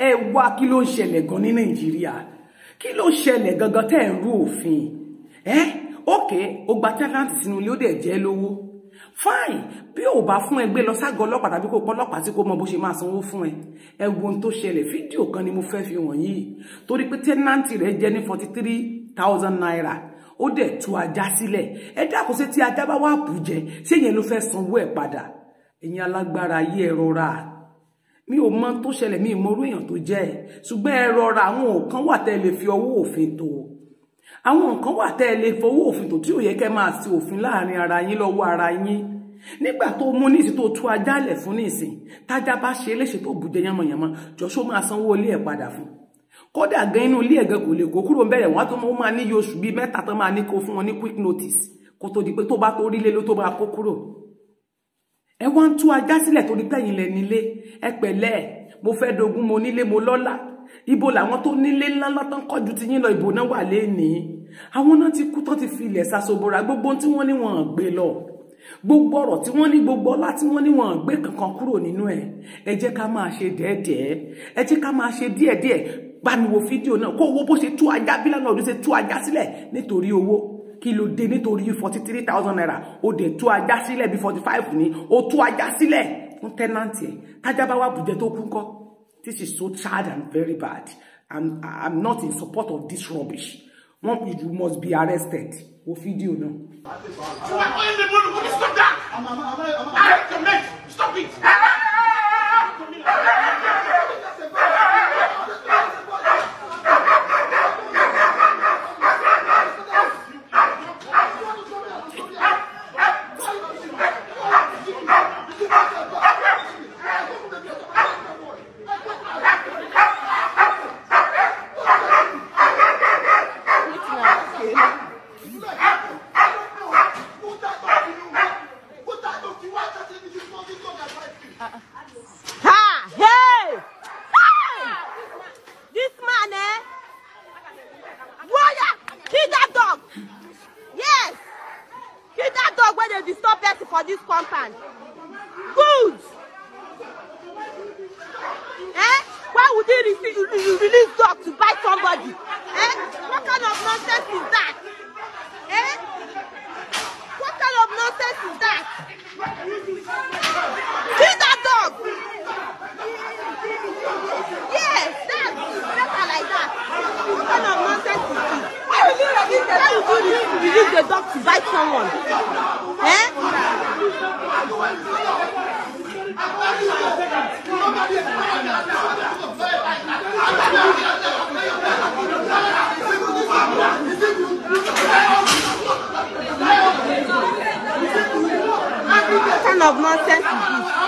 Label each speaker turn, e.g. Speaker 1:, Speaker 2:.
Speaker 1: ẹ wá kí ló ń ṣẹlẹ̀ gan ní nàìjíríà kí ló ń ṣẹlẹ̀ gangan tẹ́ ẹ̀ ń rú òfin ẹ ókè ó gba tẹ́láǹtì sínú ilé ó dẹ̀ jẹ́ lówó fine bí ò bá fún ẹ gbé lọ ságọ́ ọlọ́pàá tàbí kó pọ́ ọlọ́pàá tí kò mọ bó ṣe máa sanwó fún ẹ ẹ wo ohun tó ṣẹlẹ̀ fídíò kan ni mo fẹ́ fi wọ̀n yìí torí pé tẹ́láǹtì rẹ̀ jẹ́ ní forty three thousand naira ó dẹ̀ tú ajá sílẹ̀ ẹ dákun ṣe tí ajá bá wà bù jẹ ṣé yẹn ló fẹ́ sanwó ẹ̀ padà ẹ̀yin alágbára ayé ẹ rọra mi ò mọ tó ṣẹlẹ̀ mi ìmọ̀rú èèyàn tó jẹ́ ẹ̀ ṣùgbọ́n ẹ rọra àwọn nǹkan wà tẹ́ lè fi ọwọ́ òfin tó àwọn nǹkan wà tẹ́ lè fọwọ́ òfin tó tí ò yẹ kẹ́ máa sí òfin láàrin ara yín lọ́wọ́ ara yín nígbà tó mú níìsín tó tú ajá lẹ̀ fún níìsín tájá bá ṣe léṣe tó bùjẹ yánmọ̀yánmọ́ jọ́ṣọ́ máa sanwó ilé ẹ̀ padà fún kódà gan inú ilé ẹ̀gẹ́ kò lè kó kúrò bẹ̀rẹ̀ wọ́n tó máa ní oṣù bíi mẹ́ta tó máa ní kó fún wọn ní quick notice kó tó di pé tó bá tó rí lé ló tó máa kó kúrò ẹ wá ń tú ajá sílẹ̀ torí pẹ́yìn lẹ nílé ẹ pẹ̀lẹ́ mo fẹ́ dogun mo nílé mo lọ́lá ibo làwọn tó nílé ńláńlá tán kọjú ti yín lọ ìbò náà wà lénìí àwọn náà ti kú tán ti fi ilẹ̀ ṣàṣobora gbogbo tí wọ́n ní wọn gbé lọ gbogbo ọ̀rọ̀ tí wọ́n ní gbogbo ọlá tí wọ́n ní wọn gbé kankan kúrò nínú ẹ̀ ẹ jẹ́ ká máa ṣe dẹ́ẹ̀dẹ́ẹ́ ẹ jẹ́ ká máa ṣe díẹ̀díẹ̀ bá mi wo fídíò náà kó owó bó ṣe tú ajá bí lánàá ọdún ṣe tú ajá sílẹ̀ nítorí owó kí nítorí forty three thousand naira ó dẹ̀ tú ajá sílẹ̀ bí forty five ní ó tú ajá sílẹ̀ fún tẹ́nàntì ẹ̀ tájá bá bùjẹ́ tó kú kọ́ this is so sad and very bad i'm i'm not in support of this rubbish one you must be arrested wo fídíò náà.
Speaker 2: you are calling the money stop that i recommend stop it. Ha! Hey! Hey! This man, eh? Warrior! Kill that dog! Yes! Kill that dog when they disturb person for this compound. Good! Eh? Why would they receive, release dog to bite somebody? Eh? What kind of nonsense is that? Eh? What kind of nonsense is that? use the dog bite someone? Eh? kind of nonsense is this?